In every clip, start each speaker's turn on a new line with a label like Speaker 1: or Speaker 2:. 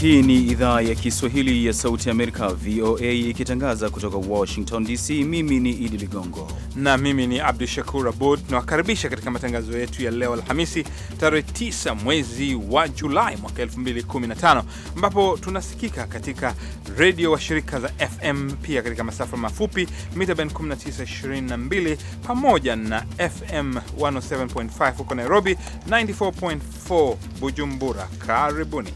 Speaker 1: Hii ni idhaa ya Kiswahili ya Sauti ya Amerika, VOA,
Speaker 2: ikitangaza kutoka Washington DC. Mimi ni Idi Ligongo na mimi ni Abdu Shakur Abud. Nawakaribisha katika matangazo yetu ya leo Alhamisi, tarehe 9 mwezi wa Julai mwaka 2015, ambapo tunasikika katika redio wa shirika za FM, pia katika masafa mafupi mita band 1922 pamoja na FM 107.5 huko Nairobi, 94.4 Bujumbura. Karibuni.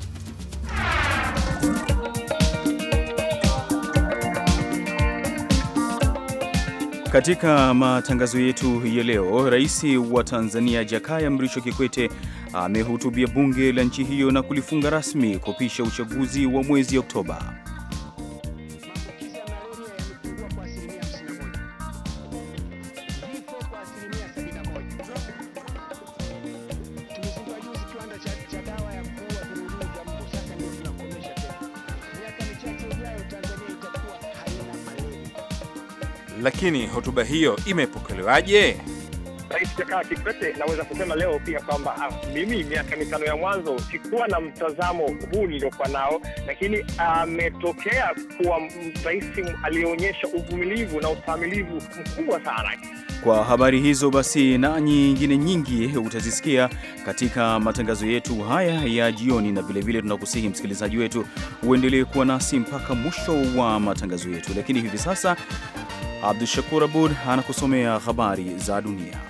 Speaker 1: Katika matangazo yetu ya leo, rais wa Tanzania Jakaya Mrisho Kikwete amehutubia bunge la nchi hiyo na kulifunga rasmi kupisha uchaguzi wa mwezi Oktoba.
Speaker 2: lakini hotuba hiyo imepokelewaje?
Speaker 3: Rais Jakaya Kikwete, naweza kusema leo pia kwamba ah, mimi miaka mitano ya mwanzo sikuwa na mtazamo huu niliokuwa nao, lakini ametokea kuwa rais aliyeonyesha uvumilivu na ustahimilivu mkubwa sana.
Speaker 1: Kwa habari hizo basi na nyingine nyingi utazisikia katika matangazo yetu haya ya jioni, na vilevile tunakusihi msikilizaji wetu uendelee kuwa nasi mpaka mwisho wa matangazo yetu, lakini hivi sasa Abdu Shakur Abud anakusomea habari za dunia.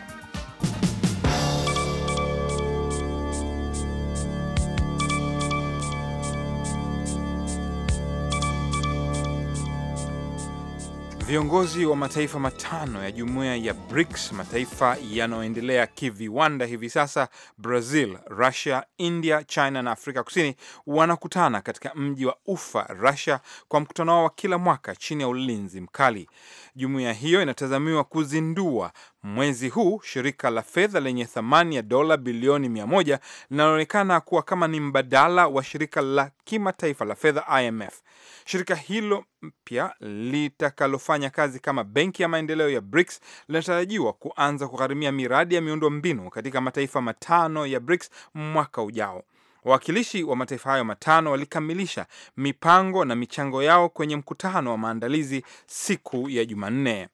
Speaker 2: Viongozi wa mataifa matano ya jumuiya ya BRICS, mataifa yanayoendelea kiviwanda hivi sasa, Brazil, Russia, India, China na Afrika Kusini, wanakutana katika mji wa Ufa, Russia, kwa mkutano wao wa kila mwaka chini ya ulinzi mkali. Jumuiya hiyo inatazamiwa kuzindua mwezi huu shirika la fedha lenye thamani ya dola bilioni mia moja linaloonekana kuwa kama ni mbadala wa shirika la kimataifa la fedha IMF. Shirika hilo mpya litakalofanya kazi kama benki ya maendeleo ya BRICS linatarajiwa kuanza kugharimia miradi ya miundo mbinu katika mataifa matano ya BRICS mwaka ujao. Wawakilishi wa mataifa hayo matano walikamilisha mipango na michango yao kwenye mkutano wa maandalizi siku ya Jumanne.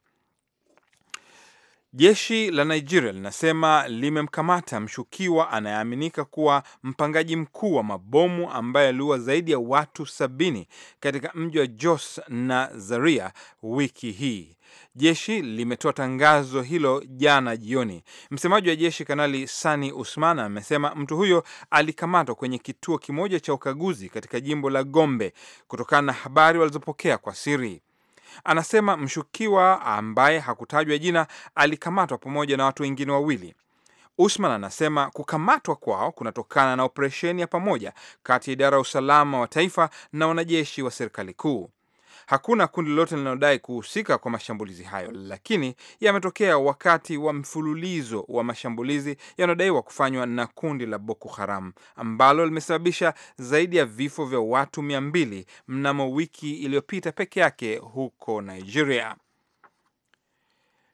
Speaker 2: Jeshi la Nigeria linasema limemkamata mshukiwa anayeaminika kuwa mpangaji mkuu wa mabomu ambaye aliua zaidi ya watu sabini katika mji wa Jos na Zaria wiki hii. Jeshi limetoa tangazo hilo jana jioni. Msemaji wa jeshi Kanali Sani Usman amesema mtu huyo alikamatwa kwenye kituo kimoja cha ukaguzi katika jimbo la Gombe kutokana na habari walizopokea kwa siri. Anasema mshukiwa ambaye hakutajwa jina alikamatwa pamoja na watu wengine wawili. Usman anasema kukamatwa kwao kunatokana na operesheni ya pamoja kati ya idara ya usalama wa taifa na wanajeshi wa serikali kuu. Hakuna kundi lolote linalodai kuhusika kwa mashambulizi hayo, lakini yametokea wakati wa mfululizo wa mashambulizi yanayodaiwa kufanywa na kundi la Boko Haram ambalo limesababisha zaidi ya vifo vya watu mia mbili mnamo wiki iliyopita peke yake huko Nigeria.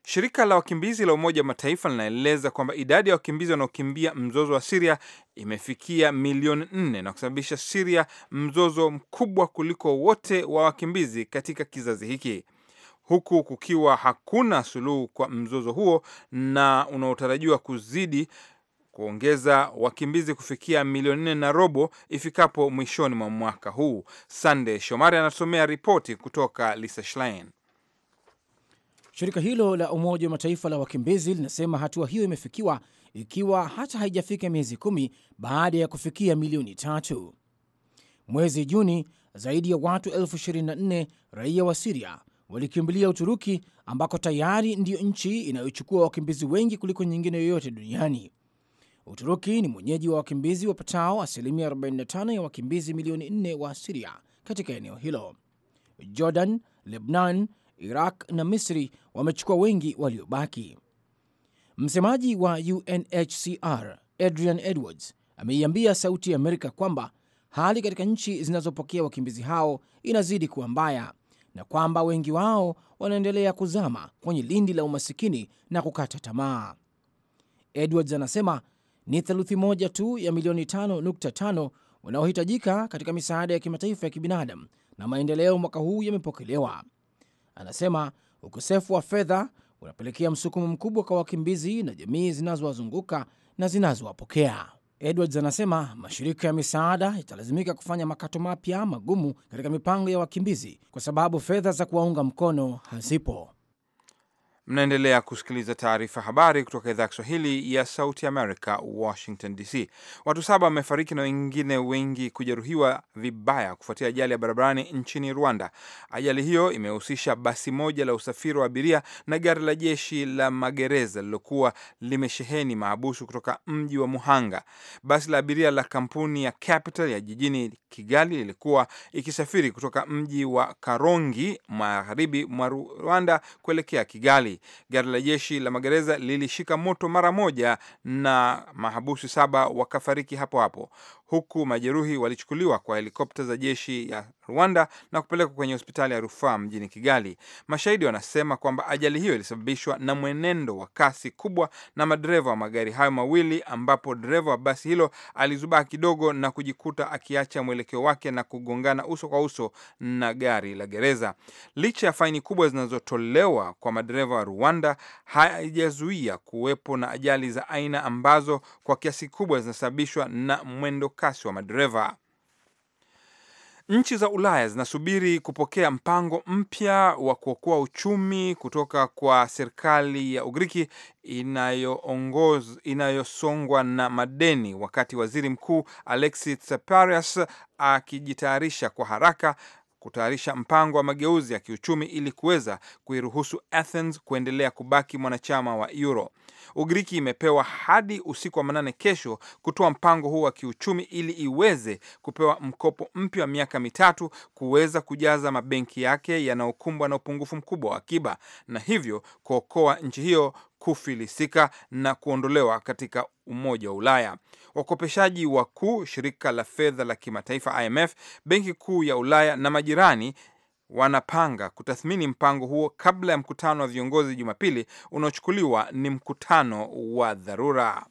Speaker 2: Shirika la wakimbizi la Umoja wa Mataifa linaeleza kwamba idadi ya wakimbizi wanaokimbia mzozo wa Siria imefikia milioni nne na kusababisha Siria mzozo mkubwa kuliko wote wa wakimbizi katika kizazi hiki, huku kukiwa hakuna suluhu kwa mzozo huo na unaotarajiwa kuzidi kuongeza wakimbizi kufikia milioni nne na robo ifikapo mwishoni mwa mwaka huu. Sande Shomari anasomea ripoti kutoka Lisa Schlein.
Speaker 4: Shirika hilo la Umoja wa Mataifa la wakimbizi linasema hatua hiyo imefikiwa ikiwa hata haijafika miezi kumi baada ya kufikia milioni tatu. Mwezi Juni, zaidi ya watu elfu 24 raia wa Siria walikimbilia Uturuki, ambako tayari ndiyo nchi inayochukua wakimbizi wengi kuliko nyingine yoyote duniani. Uturuki ni mwenyeji wa wakimbizi wapatao asilimia 45 ya wakimbizi milioni 4 wa Siria katika eneo hilo. Jordan, Lebanon, Iraq na Misri wamechukua wengi waliobaki. Msemaji wa UNHCR Adrian Edwards ameiambia Sauti ya Amerika kwamba hali katika nchi zinazopokea wakimbizi hao inazidi kuwa mbaya na kwamba wengi wao wanaendelea kuzama kwenye lindi la umasikini na kukata tamaa. Edwards anasema ni theluthi moja tu ya milioni 5.5 wanaohitajika katika misaada ya kimataifa ya kibinadamu na maendeleo mwaka huu yamepokelewa. Anasema ukosefu wa fedha unapelekea msukumo mkubwa kwa wakimbizi na jamii zinazowazunguka na zinazowapokea. Edwards anasema mashirika ya misaada yatalazimika kufanya makato mapya magumu katika mipango ya wakimbizi kwa sababu fedha za kuwaunga mkono hazipo.
Speaker 2: Mnaendelea kusikiliza taarifa habari kutoka idhaa ya Kiswahili ya Sauti America, Washington DC. Watu saba wamefariki na wengine wengi kujeruhiwa vibaya kufuatia ajali ya barabarani nchini Rwanda. Ajali hiyo imehusisha basi moja la usafiri wa abiria na gari la jeshi la magereza lililokuwa limesheheni mahabusu kutoka mji wa Muhanga. Basi la abiria la kampuni ya Capital ya jijini Kigali lilikuwa ikisafiri kutoka mji wa Karongi, magharibi mwa Rwanda, kuelekea Kigali. Julai, gari la jeshi la magereza lilishika moto mara moja na mahabusu saba wakafariki hapo hapo huku majeruhi walichukuliwa kwa helikopta za jeshi ya Rwanda na kupelekwa kwenye hospitali ya rufaa mjini Kigali. Mashahidi wanasema kwamba ajali hiyo ilisababishwa na mwenendo wa kasi kubwa na madereva wa magari hayo mawili, ambapo dereva wa basi hilo alizubaa kidogo na kujikuta akiacha mwelekeo wake na kugongana uso kwa uso na gari la gereza. Licha ya faini kubwa zinazotolewa kwa madereva wa Rwanda, haijazuia kuwepo na ajali za aina ambazo kwa kiasi kubwa zinasababishwa na mwendo kasi wa madereva. Nchi za Ulaya zinasubiri kupokea mpango mpya wa kuokoa uchumi kutoka kwa serikali ya Ugiriki inayosongwa na madeni, wakati waziri mkuu Alexis Tsipras akijitayarisha kwa haraka kutayarisha mpango wa mageuzi ya kiuchumi ili kuweza kuiruhusu Athens kuendelea kubaki mwanachama wa Euro. Ugiriki imepewa hadi usiku wa manane kesho kutoa mpango huu wa kiuchumi ili iweze kupewa mkopo mpya wa miaka mitatu kuweza kujaza mabenki yake yanayokumbwa na upungufu mkubwa wa akiba na hivyo kuokoa nchi hiyo kufilisika na kuondolewa katika Umoja wa Ulaya. Wakopeshaji wakuu, shirika la fedha la kimataifa IMF, benki kuu ya Ulaya na majirani wanapanga kutathmini mpango huo kabla ya mkutano wa viongozi Jumapili unaochukuliwa ni mkutano wa dharura.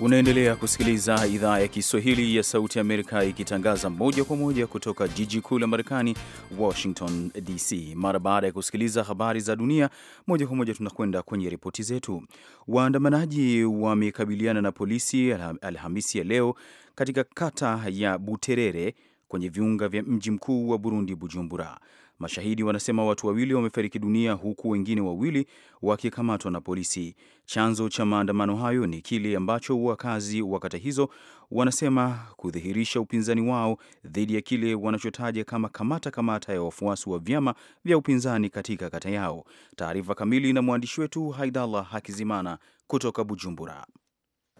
Speaker 1: Unaendelea kusikiliza idhaa ya Kiswahili ya Sauti ya Amerika ikitangaza moja kwa moja kutoka jiji kuu la Marekani, Washington DC. Mara baada ya kusikiliza habari za dunia moja kwa moja, tunakwenda kwenye ripoti zetu. Waandamanaji wamekabiliana na polisi Alhamisi ya leo katika kata ya Buterere kwenye viunga vya mji mkuu wa Burundi, Bujumbura. Mashahidi wanasema watu wawili wamefariki dunia huku wengine wawili wakikamatwa na polisi. Chanzo cha maandamano hayo ni kile ambacho wakazi wa kata hizo wanasema kudhihirisha upinzani wao dhidi ya kile wanachotaja kama kamata kamata ya wafuasi wa vyama vya upinzani katika kata yao. Taarifa kamili na mwandishi wetu Haidallah Hakizimana kutoka Bujumbura.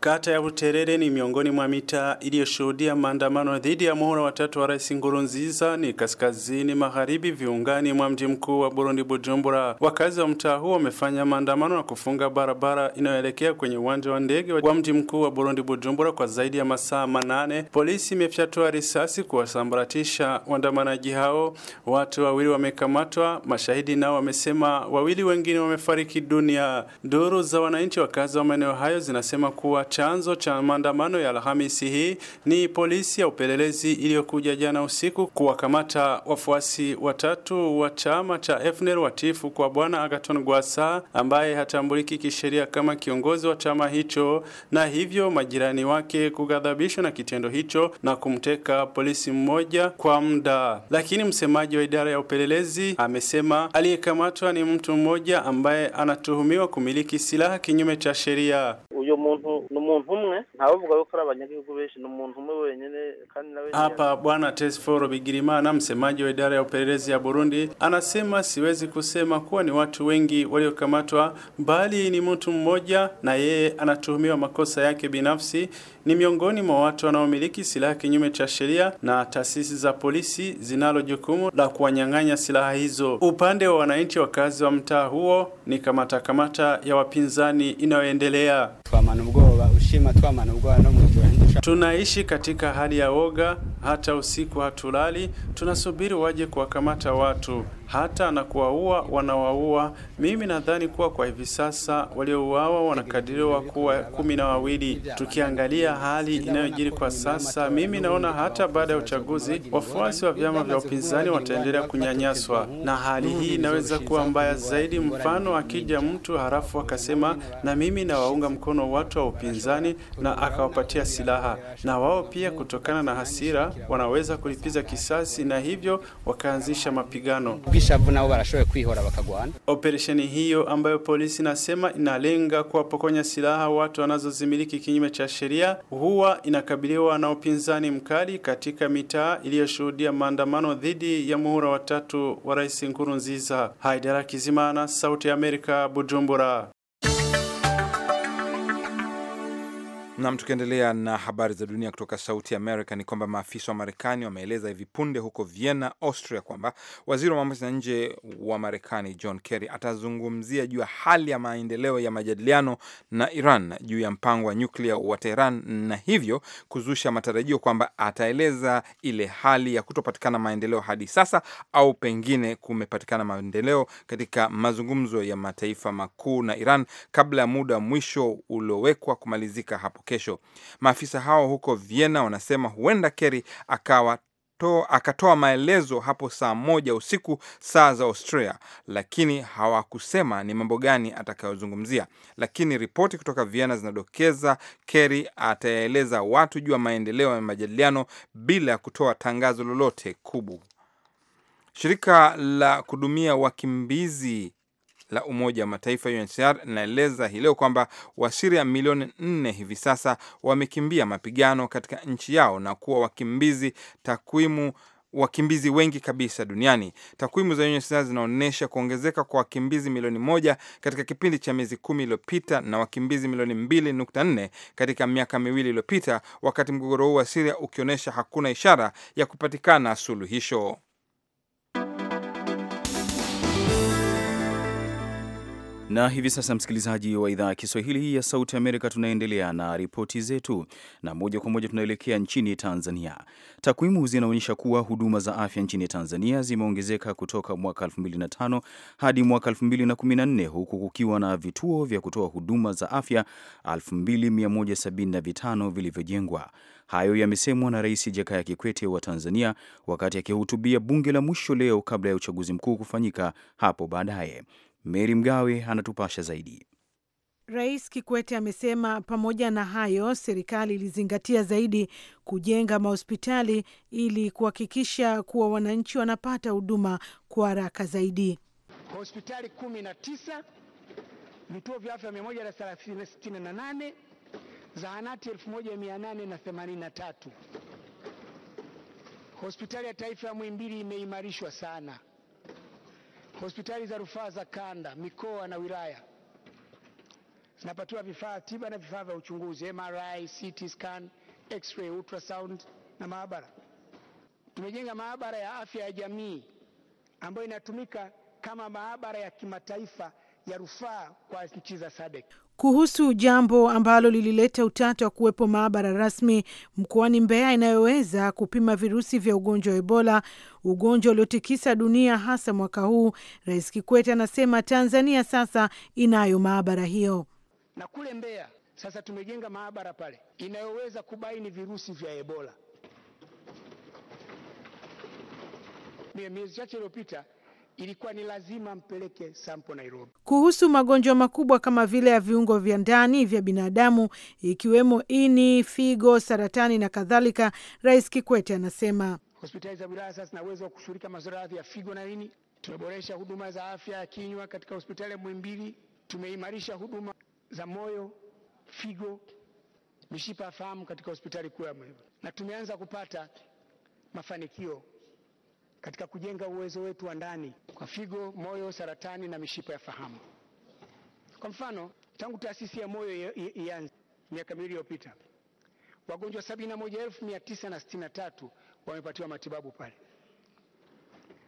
Speaker 5: Kata ya Buterere ni miongoni mwa mitaa iliyoshuhudia maandamano dhidi ya muhula watatu wa Rais ngurunziza ni kaskazini magharibi viungani mwa mji mkuu wa Burundi Bujumbura. Wakazi wa mtaa huo wamefanya maandamano na kufunga barabara inayoelekea kwenye uwanja wa ndege wa mji mkuu wa Burundi Bujumbura kwa zaidi ya masaa manane. Polisi imefyatua risasi kuwasambaratisha waandamanaji hao. Watu wawili wamekamatwa, mashahidi nao wamesema wawili wengine wamefariki dunia. Duru za wananchi wakazi wa maeneo hayo zinasema kuwa chanzo cha maandamano ya Alhamisi hii ni polisi ya upelelezi iliyokuja jana usiku kuwakamata wafuasi watatu wa chama cha FNL watifu kwa bwana Agaton Gwasa ambaye hatambuliki kisheria kama kiongozi wa chama hicho, na hivyo majirani wake kughadhabishwa na kitendo hicho na kumteka polisi mmoja kwa muda. Lakini msemaji wa idara ya upelelezi amesema aliyekamatwa ni mtu mmoja ambaye anatuhumiwa kumiliki silaha kinyume cha sheria
Speaker 4: uyu muntu ni muntu umwe ntawevuga yuko ari abanyagihugu benshi ni umuntu umwe wenyine kandi nawe
Speaker 5: hapa bwana Tesforo Bigirimana msemaji wa idara ya upelelezi ya Burundi anasema siwezi kusema kuwa ni watu wengi waliokamatwa bali ni mtu mmoja na yeye anatuhumiwa makosa yake binafsi ni miongoni mwa watu wanaomiliki silaha kinyume cha sheria na taasisi za polisi zinalo jukumu la kuwanyang'anya silaha hizo. Upande wa wananchi wakazi wa mtaa huo ni kamata kamata ya wapinzani inayoendelea ushima no Tunaishi katika hali ya woga, hata usiku hatulali, tunasubiri waje kuwakamata watu hata na kuwaua wanawaua. Mimi nadhani kuwa kwa hivi sasa waliouawa wanakadiriwa kuwa kumi na wawili. Tukiangalia hali inayojiri kwa sasa, mimi naona hata baada ya uchaguzi wafuasi wa vyama vya upinzani wataendelea kunyanyaswa, na hali hii inaweza kuwa mbaya zaidi. Mfano, akija mtu harafu akasema na mimi nawaunga mkono watu wa upinzani na akawapatia silaha, na wao pia kutokana na hasira wanaweza kulipiza kisasi, na hivyo wakaanzisha mapigano bwishavu nabo barashoboye kuihora wakagwana. Operesheni hiyo ambayo polisi inasema inalenga kuwapokonya silaha watu zimiliki kinyume cha sheria huwa inakabiliwa na upinzani mkali katika mitaa iliyoshuhudia maandamano dhidi ya muhula watatu wa Rais nziza. Haidara Kizimana, South America, Bujumbura.
Speaker 2: Nam, tukiendelea na habari za dunia kutoka Sauti Amerika ni kwamba maafisa wa Marekani wameeleza hivi punde huko Vienna, Austria, kwamba waziri wa mambo ya nje wa Marekani John Kerry atazungumzia juu ya hali ya maendeleo ya majadiliano na Iran juu ya mpango wa nyuklia wa Teheran, na hivyo kuzusha matarajio kwamba ataeleza ile hali ya kutopatikana maendeleo hadi sasa, au pengine kumepatikana maendeleo katika mazungumzo ya mataifa makuu na Iran kabla ya muda mwisho uliowekwa kumalizika hapo kesho. Maafisa hao huko Vienna wanasema huenda Kerry akawa to, akatoa maelezo hapo saa moja usiku saa za Australia, lakini hawakusema ni mambo gani atakayozungumzia. Lakini ripoti kutoka Vienna zinadokeza Kerry atayaeleza watu juu ya maendeleo ya majadiliano bila ya kutoa tangazo lolote kubwa. Shirika la kudumia wakimbizi la Umoja wa Mataifa UNHCR linaeleza hii leo kwamba Wasiria milioni nne hivi sasa wamekimbia mapigano katika nchi yao na kuwa wakimbizi takwimu wakimbizi wengi kabisa duniani. Takwimu za UNHCR zinaonyesha kuongezeka kwa wakimbizi milioni moja katika kipindi cha miezi kumi iliyopita na wakimbizi milioni mbili nukta nne katika miaka miwili iliyopita, wakati mgogoro huu wa Siria ukionyesha hakuna ishara ya kupatikana suluhisho.
Speaker 1: Na hivi sasa, msikilizaji wa idhaa ya Kiswahili ya Sauti Amerika, tunaendelea na ripoti zetu, na moja kwa moja tunaelekea nchini Tanzania. Takwimu zinaonyesha kuwa huduma za afya nchini Tanzania zimeongezeka kutoka mwaka 2005 hadi mwaka 2014 huku kukiwa na vituo vya kutoa huduma za afya 2175 vilivyojengwa. Hayo yamesemwa na Rais Jakaya Kikwete wa Tanzania wakati akihutubia bunge la mwisho leo kabla ya uchaguzi mkuu kufanyika hapo baadaye. Meri Mgawe anatupasha zaidi.
Speaker 6: Rais Kikwete amesema pamoja na hayo, serikali ilizingatia zaidi kujenga mahospitali ili kuhakikisha kuwa wananchi wanapata huduma kwa haraka zaidi.
Speaker 7: Hospitali kumi na tisa, vituo vya afya mia moja na sitini na nane, zahanati elfu moja mia nane na themanini na tatu. Hospitali ya taifa ya Muhimbili imeimarishwa sana Hospitali za rufaa za kanda, mikoa na wilaya zinapatiwa vifaa tiba na vifaa vya uchunguzi MRI, CT scan, X-ray, ultrasound na maabara. Tumejenga maabara ya afya ya jamii ambayo inatumika kama maabara ya kimataifa ya rufaa kwa nchi za SADC
Speaker 6: kuhusu jambo ambalo lilileta utata wa kuwepo maabara rasmi mkoani Mbeya inayoweza kupima virusi vya ugonjwa wa Ebola, ugonjwa uliotikisa dunia hasa mwaka huu. Rais Kikwete anasema Tanzania sasa inayo maabara hiyo, na kule Mbeya sasa tumejenga
Speaker 7: maabara pale inayoweza kubaini virusi vya Ebola. Miezi chache iliyopita ilikuwa ni lazima mpeleke sampo Nairobi.
Speaker 6: Kuhusu magonjwa makubwa kama vile ya viungo vya ndani vya binadamu ikiwemo ini, figo, saratani na kadhalika, Rais Kikwete
Speaker 7: anasema hospitali za wilaya sasa zina uwezo wa kushughulika masuala ya figo na ini. Tumeboresha huduma za afya ya kinywa katika hospitali ya Muhimbili. Tumeimarisha huduma za moyo, figo, mishipa ya fahamu katika hospitali kuu ya Muhimbili, na tumeanza kupata mafanikio katika kujenga uwezo wetu wa ndani kwa figo, moyo, saratani na mishipa ya fahamu. Kwa mfano, tangu taasisi ya moyo ianze miaka miwili iliyopita wagonjwa 71963 wamepatiwa matibabu pale,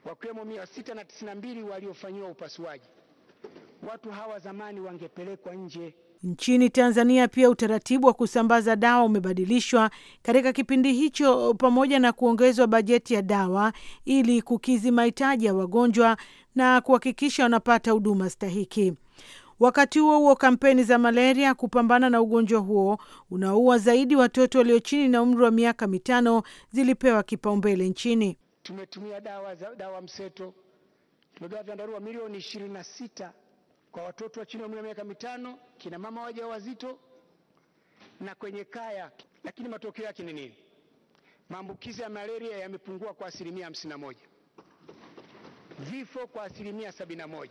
Speaker 7: wakiwemo 692 waliofanyiwa upasuaji. Watu hawa zamani wangepelekwa nje Nchini Tanzania
Speaker 6: pia utaratibu wa kusambaza dawa umebadilishwa katika kipindi hicho pamoja na kuongezwa bajeti ya dawa ili kukidhi mahitaji ya wagonjwa na kuhakikisha wanapata huduma stahiki. Wakati huo huo, kampeni za malaria kupambana na ugonjwa huo unaoua zaidi watoto walio chini na umri wa miaka mitano zilipewa kipaumbele nchini.
Speaker 7: Tumetumia dawa, dawa mseto, tumegawa vyandarua milioni ishirini na sita kwa watoto wa chini ya umri wa miaka mitano, kina mama wazito na kwenye kaya. Lakini matokeo yake ni nini? Maambukizi ya malaria yamepungua kwa asilimia 51, vifo kwa asilimia 71.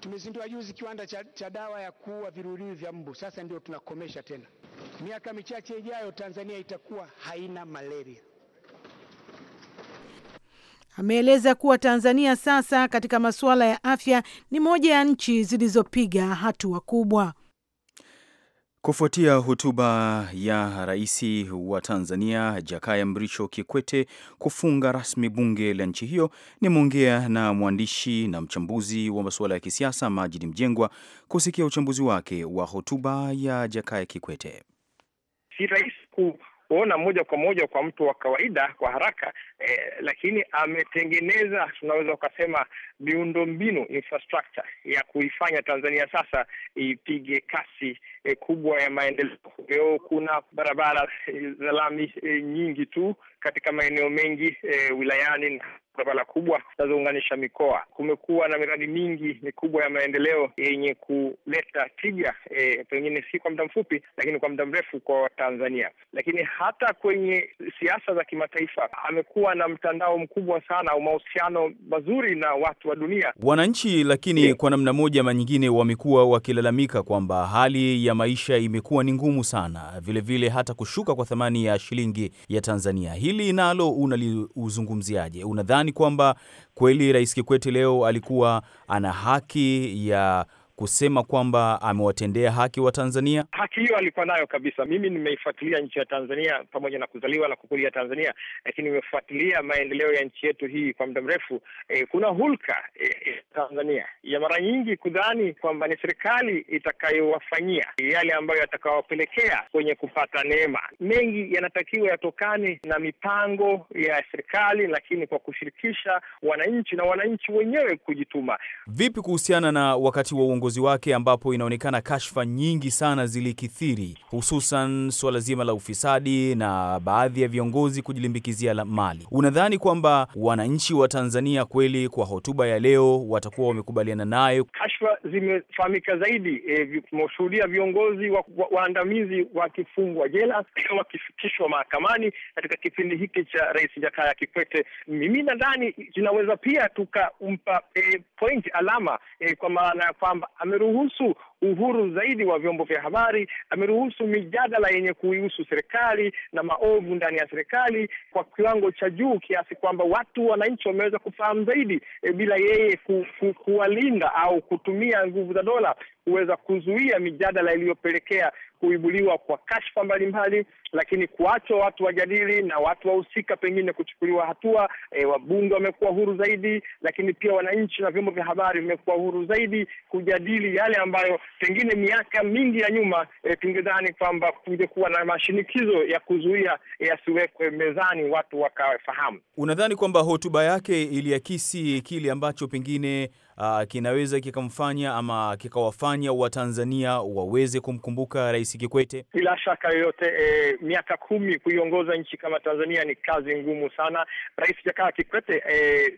Speaker 7: Tumezindua juzi kiwanda cha, cha dawa ya kuua viluilui vya mbu. Sasa ndio tunakomesha tena. Miaka michache ijayo Tanzania itakuwa haina malaria.
Speaker 6: Ameeleza kuwa Tanzania sasa katika masuala ya afya ni moja ya nchi zilizopiga hatua kubwa.
Speaker 1: Kufuatia hotuba ya rais wa Tanzania Jakaya Mrisho Kikwete kufunga rasmi bunge la nchi hiyo, nimeongea na mwandishi na mchambuzi wa masuala ya kisiasa Majidi Mjengwa kusikia uchambuzi wake wa hotuba ya Jakaya Kikwete.
Speaker 3: Si rahisi kuona moja kwa moja kwa mtu wa kawaida kwa haraka eh, lakini ametengeneza tunaweza ukasema miundombinu infrastructure ya kuifanya Tanzania sasa ipige kasi eh, kubwa ya maendeleo. Leo kuna barabara eh, za lami eh, nyingi tu katika maeneo mengi eh, wilayani na barabara kubwa zinazounganisha mikoa. Kumekuwa na miradi mingi mikubwa ya maendeleo yenye kuleta tija, e, pengine si kwa muda mfupi, lakini kwa muda mrefu kwa Watanzania. Lakini hata kwenye siasa za kimataifa amekuwa na mtandao mkubwa sana au mahusiano mazuri na watu wa dunia,
Speaker 1: wananchi. Lakini yeah, kwa namna moja ama nyingine wamekuwa wakilalamika kwamba hali ya maisha imekuwa ni ngumu sana, vilevile vile hata kushuka kwa thamani ya shilingi ya Tanzania. Hili nalo unaliuzungumziaje? unadhani unadhani kwamba kweli Rais Kikwete leo alikuwa ana haki ya kusema kwamba amewatendea haki wa Tanzania?
Speaker 3: Haki hiyo alikuwa nayo kabisa. Mimi nimeifuatilia nchi ya Tanzania pamoja na kuzaliwa na kukulia Tanzania, lakini nimefuatilia maendeleo ya nchi yetu hii kwa muda mrefu. E, kuna hulka e, Tanzania ya mara nyingi kudhani kwamba ni serikali itakayowafanyia yale ambayo yatakawapelekea kwenye kupata neema. Mengi yanatakiwa yatokane na mipango ya serikali, lakini kwa kushirikisha wananchi na wananchi wenyewe kujituma.
Speaker 1: Vipi kuhusiana na wakati wa uongo uongozi wake, ambapo inaonekana kashfa nyingi sana zilikithiri, hususan suala zima la ufisadi na baadhi ya viongozi kujilimbikizia mali. Unadhani kwamba wananchi wa Tanzania kweli kwa hotuba ya leo watakuwa wamekubaliana nayo?
Speaker 3: Kashfa zimefahamika zaidi, e, viongozi waandamizi wa, wa wakifungwa jela wakifikishwa mahakamani katika kipindi hiki cha Rais Jakaya Kikwete. Mimi nadhani tunaweza pia tukampa e, point alama e, kwa maana ya kwamba a mi ruhusu uhuru zaidi wa vyombo vya habari, ameruhusu mijadala yenye kuihusu serikali na maovu ndani ya serikali kwa kiwango cha juu kiasi kwamba watu, wananchi wameweza kufahamu zaidi e, bila yeye ku, ku, kuwalinda au kutumia nguvu za dola kuweza kuzuia mijadala iliyopelekea kuibuliwa kwa kashfa mbalimbali, lakini kuachwa watu wajadili na watu wahusika pengine kuchukuliwa hatua. E, wabunge wamekuwa huru zaidi, lakini pia wananchi na vyombo vya habari vimekuwa huru zaidi kujadili yale ambayo pengine miaka mingi ya nyuma e, tungedhani kwamba kungekuwa na mashinikizo ya kuzuia eh, yasiwekwe mezani, watu wakafahamu.
Speaker 1: Unadhani kwamba hotuba yake iliakisi kile ambacho pengine uh, kinaweza kikamfanya ama kikawafanya Watanzania waweze kumkumbuka Rais Kikwete?
Speaker 3: Bila shaka yoyote, e, miaka kumi kuiongoza nchi kama Tanzania ni kazi ngumu sana. Rais Jakaya Kikwete e,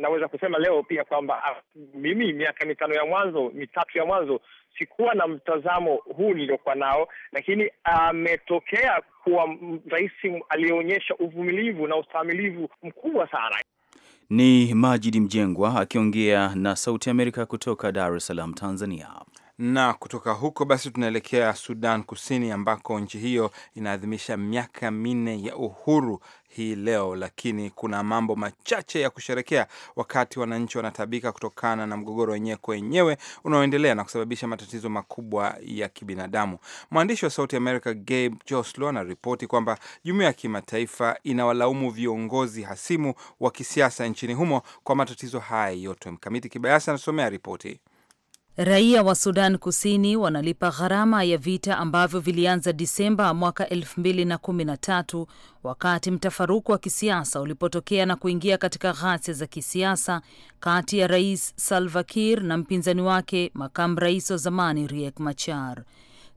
Speaker 3: naweza kusema leo pia kwamba ah, mimi miaka mitano ya mwanzo mitatu ya mwanzo sikuwa na mtazamo huu niliokuwa nao, lakini ametokea kuwa rais aliyeonyesha uvumilivu na ustahimilivu mkubwa sana.
Speaker 1: Ni Majidi Mjengwa akiongea na Sauti Amerika kutoka Dar es Salaam, Tanzania.
Speaker 2: Na kutoka huko basi tunaelekea Sudan Kusini, ambako nchi hiyo inaadhimisha miaka minne ya uhuru hii leo, lakini kuna mambo machache ya kusherekea, wakati wananchi wanatabika kutokana na mgogoro wenyewe kwa wenyewe unaoendelea na kusababisha matatizo makubwa ya kibinadamu. Mwandishi wa Sauti America Gabe Joslo anaripoti kwamba jumuiya ya kimataifa inawalaumu viongozi hasimu wa kisiasa nchini humo kwa matatizo haya yote. Mkamiti Kibayasi anasomea ripoti.
Speaker 8: Raia wa Sudan Kusini wanalipa gharama ya vita ambavyo vilianza Disemba mwaka 2013 wakati mtafaruku wa kisiasa ulipotokea na kuingia katika ghasia za kisiasa kati ya Rais Salva Kiir na mpinzani wake makamu rais wa zamani Riek Machar.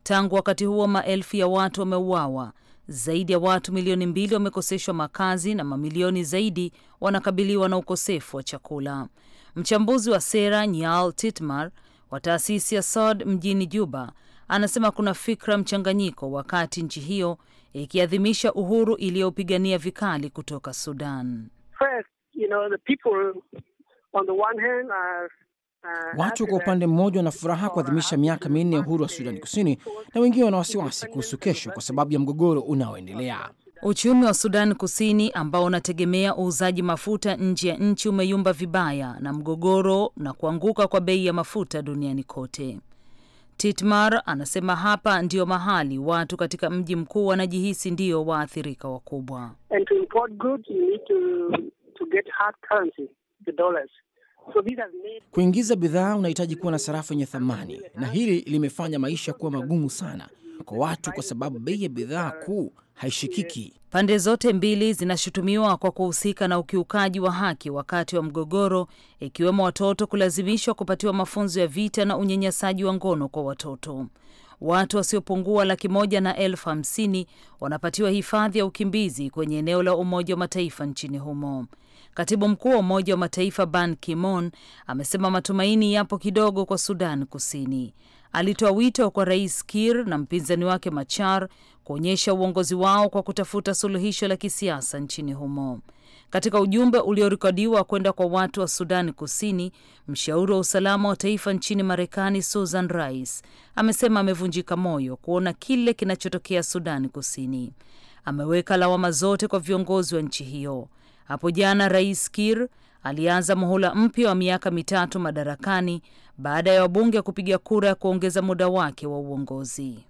Speaker 8: Tangu wakati huo, maelfu ya watu wameuawa, zaidi ya watu milioni mbili wamekoseshwa makazi na mamilioni zaidi wanakabiliwa na ukosefu wa chakula. Mchambuzi wa sera Nyal Titmar wa taasisi ya SOD mjini Juba anasema kuna fikra mchanganyiko wakati nchi hiyo ikiadhimisha uhuru iliyopigania vikali kutoka Sudan.
Speaker 3: First, you know, the people on the one hand are uh, Watu kwa upande
Speaker 8: mmoja wana furaha kuadhimisha miaka minne ya uhuru wa Sudani
Speaker 4: Kusini, na wengine wana wasiwasi kuhusu kesho kwa sababu ya mgogoro unaoendelea.
Speaker 8: Uchumi wa Sudan Kusini ambao unategemea uuzaji mafuta nje ya nchi umeyumba vibaya na mgogoro na kuanguka kwa bei ya mafuta duniani kote. Titmar anasema hapa ndiyo mahali watu katika mji mkuu wanajihisi ndiyo waathirika wakubwa.
Speaker 4: Kuingiza bidhaa unahitaji kuwa na sarafu yenye thamani, na hili limefanya maisha kuwa
Speaker 8: magumu sana kwa watu kwa sababu bei ya bidhaa kuu haishikiki. Pande zote mbili zinashutumiwa kwa kuhusika na ukiukaji wa haki wakati wa mgogoro, ikiwemo watoto kulazimishwa kupatiwa mafunzo ya vita na unyanyasaji wa ngono kwa watoto. Watu wasiopungua laki moja na elfu hamsini wanapatiwa hifadhi ya ukimbizi kwenye eneo la Umoja wa Mataifa nchini humo. Katibu mkuu wa Umoja wa Mataifa Ban kimon amesema matumaini yapo kidogo kwa Sudan Kusini. Alitoa wito kwa Rais Kir na mpinzani wake Machar kuonyesha uongozi wao kwa kutafuta suluhisho la kisiasa nchini humo. Katika ujumbe uliorekodiwa kwenda kwa watu wa Sudan Kusini, mshauri wa usalama wa taifa nchini Marekani Susan Rice amesema amevunjika moyo kuona kile kinachotokea Sudan Kusini. Ameweka lawama zote kwa viongozi wa nchi hiyo. Hapo jana Rais kir alianza muhula mpya wa miaka mitatu madarakani baada ya wabunge kupiga kura ya kuongeza muda wake wa uongozi.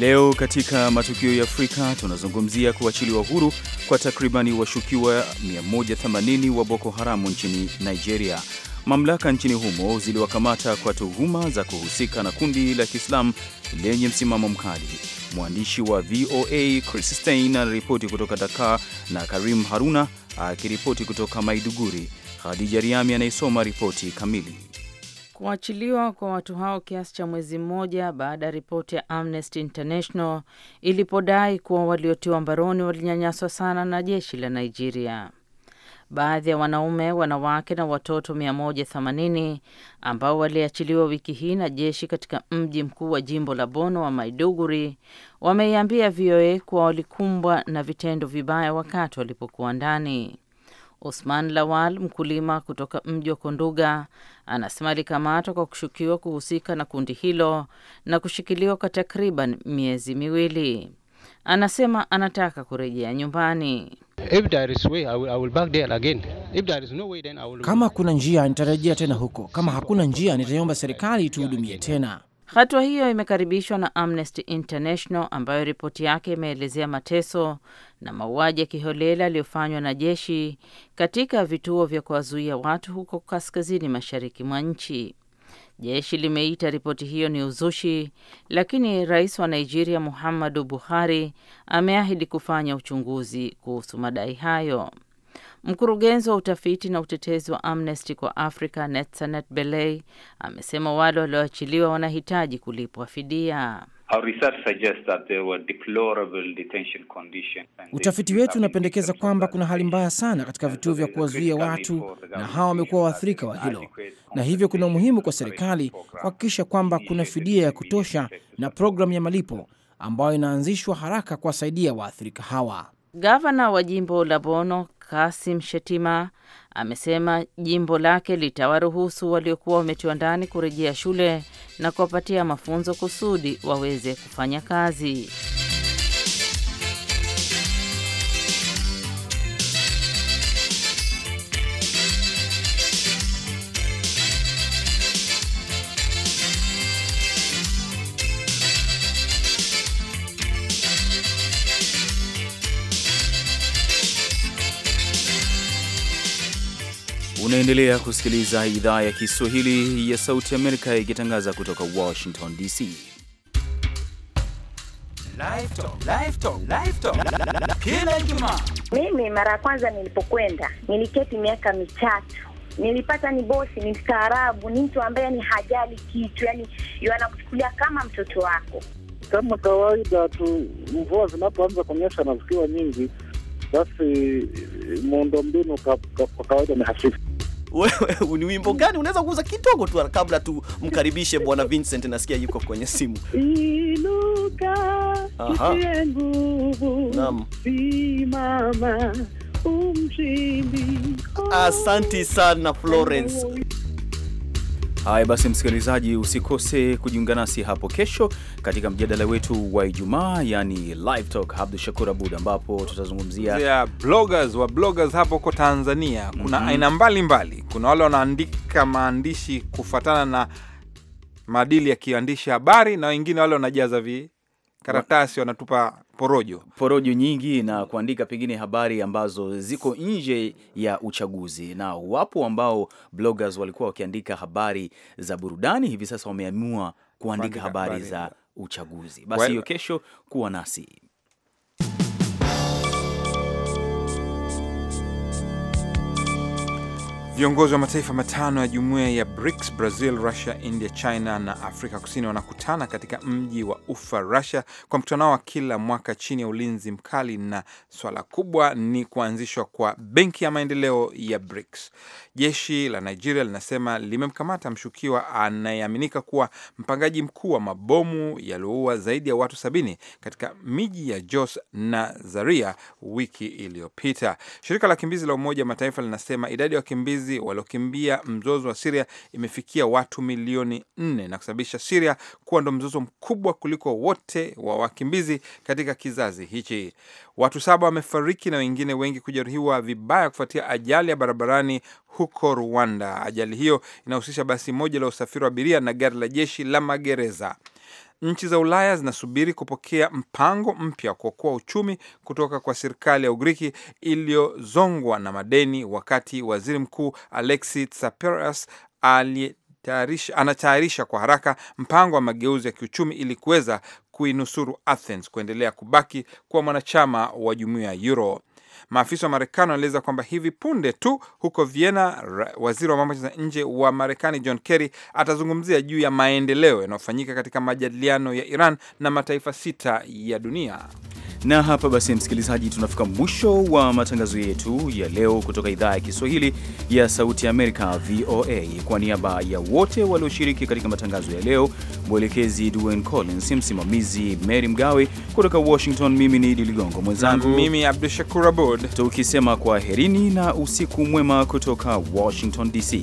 Speaker 1: Leo katika matukio ya Afrika tunazungumzia kuachiliwa huru kwa takribani washukiwa 180 wa Boko Haramu nchini Nigeria. Mamlaka nchini humo ziliwakamata kwa tuhuma za kuhusika na kundi la Kiislamu lenye msimamo mkali. Mwandishi wa VOA Chris Stein anaripoti kutoka Dakar na Karim Haruna akiripoti kutoka Maiduguri. Khadija Riami anayesoma ripoti kamili.
Speaker 9: Kuachiliwa kwa watu hao kiasi cha mwezi mmoja baada ya ripoti ya Amnesty International ilipodai kuwa waliotiwa mbaroni walinyanyaswa sana na jeshi la Nigeria. Baadhi ya wanaume, wanawake na watoto 180 ambao waliachiliwa wiki hii na jeshi katika mji mkuu wa jimbo la Bono wa Maiduguri wameiambia VOA kuwa walikumbwa na vitendo vibaya wakati walipokuwa ndani. Usman Lawal, mkulima kutoka mji wa Konduga, anasema alikamatwa kwa kushukiwa kuhusika na kundi hilo na kushikiliwa kwa takriban miezi miwili. Anasema anataka kurejea nyumbani. Kama
Speaker 4: kuna njia nitarejea tena huko, kama hakuna njia nitaiomba serikali ituhudumie tena.
Speaker 9: Hatua hiyo imekaribishwa na Amnesty International ambayo ripoti yake imeelezea mateso na mauaji ya kiholela yaliyofanywa na jeshi katika vituo vya kuwazuia watu huko kaskazini mashariki mwa nchi. Jeshi limeita ripoti hiyo ni uzushi, lakini rais wa Nigeria Muhammadu Buhari ameahidi kufanya uchunguzi kuhusu madai hayo. Mkurugenzi wa utafiti na utetezi wa Amnesty kwa Africa Netsanet belei amesema wale walioachiliwa wanahitaji kulipwa fidia.
Speaker 1: Utafiti wetu
Speaker 4: unapendekeza kwamba kuna hali mbaya sana katika vituo vya kuwazuia watu na hawa wamekuwa waathirika wa hilo, na hivyo kuna umuhimu kwa serikali kuhakikisha kwamba kuna fidia ya kutosha na programu ya malipo ambayo inaanzishwa haraka kuwasaidia waathirika hawa.
Speaker 9: Gavana wa jimbo la Bono Kasim Shetima amesema jimbo lake litawaruhusu waliokuwa wametiwa ndani kurejea shule na kuwapatia mafunzo kusudi waweze kufanya kazi.
Speaker 1: Unaendelea kusikiliza idhaa ya Kiswahili ya Sauti Amerika ikitangaza kutoka Washington DC.
Speaker 7: Kila Ijumaa
Speaker 8: mimi mara ya kwanza nilipokwenda niliketi miaka mitatu nilipata ni bosi, ni mstaarabu, ni mtu ambaye ni hajali kitu, yani anakuchukulia kama mtoto wako.
Speaker 5: Kama kawaida tu, mvua zinapoanza kunyesha na zikiwa nyingi basi
Speaker 1: mbinu kwa kawaida ni hafifu. Wewe ni wimbo gani unaweza kuuza kidogo tu kabla tumkaribishe Bwana Vincent, nasikia yuko kwenye simu.
Speaker 3: Inuka
Speaker 6: nguvu, simama umshindi.
Speaker 1: Asanti sana Florence. Haya basi, msikilizaji, usikose kujiunga nasi hapo kesho katika mjadala wetu wa Ijumaa, yani live talk, Abdu Shakur Abud, ambapo tutazungumzia yeah,
Speaker 2: bloggers wa bloggers hapo huko Tanzania. Kuna mm -hmm. aina mbalimbali mbali. Kuna wale wanaandika maandishi kufuatana na maadili ya kiandishi habari na wengine wale wanajaza vi karatasi wanatupa porojo porojo nyingi na kuandika pengine habari ambazo ziko nje
Speaker 1: ya uchaguzi. Na wapo ambao bloggers walikuwa wakiandika habari za burudani, hivi sasa wameamua kuandika habari, habari za uchaguzi. Basi hiyo kesho kuwa nasi.
Speaker 2: Viongozi wa mataifa matano ya jumuiya ya BRICS, Brazil, Russia, India, China na Afrika Kusini wanakutana katika mji wa Ufa, Russia, kwa mkutano wa kila mwaka chini ya ulinzi mkali, na swala kubwa ni kuanzishwa kwa benki ya maendeleo ya BRICS. Jeshi la Nigeria linasema limemkamata mshukiwa anayeaminika kuwa mpangaji mkuu wa mabomu yaliyoua zaidi ya watu sabini katika miji ya Jos na Zaria wiki iliyopita. Shirika la wakimbizi la Umoja wa Mataifa linasema idadi ya wakimbizi wakimbizi waliokimbia mzozo wa Siria imefikia watu milioni nne na kusababisha Siria kuwa ndo mzozo mkubwa kuliko wote wa wakimbizi katika kizazi hichi. Watu saba wamefariki na wengine wengi kujeruhiwa vibaya kufuatia ajali ya barabarani huko Rwanda. Ajali hiyo inahusisha basi moja la usafiri wa abiria na gari la jeshi la magereza. Nchi za Ulaya zinasubiri kupokea mpango mpya wa kuokoa uchumi kutoka kwa serikali ya Ugiriki iliyozongwa na madeni, wakati waziri mkuu Alexis Tsipras anatayarisha kwa haraka mpango wa mageuzi ya kiuchumi ili kuweza kuinusuru Athens kuendelea kubaki kuwa mwanachama wa jumuiya ya Euro. Maafisa wa Marekani wanaeleza kwamba hivi punde tu huko Vienna, waziri wa mambo ya nje wa Marekani John Kerry atazungumzia juu ya maendeleo yanayofanyika katika majadiliano ya Iran na mataifa sita ya dunia.
Speaker 1: Na hapa basi, msikilizaji, tunafika mwisho wa matangazo yetu ya leo kutoka idhaa ya Kiswahili ya Sauti ya Amerika, VOA. Kwa niaba ya wote walioshiriki katika matangazo ya leo, mwelekezi Dwayne Collins, msimamizi Mary Mgawe kutoka Washington, mimi ni Idi Ligongo, mwenzangu mimi Abdu Shakur Abud, tukisema kwaherini na usiku mwema kutoka Washington DC.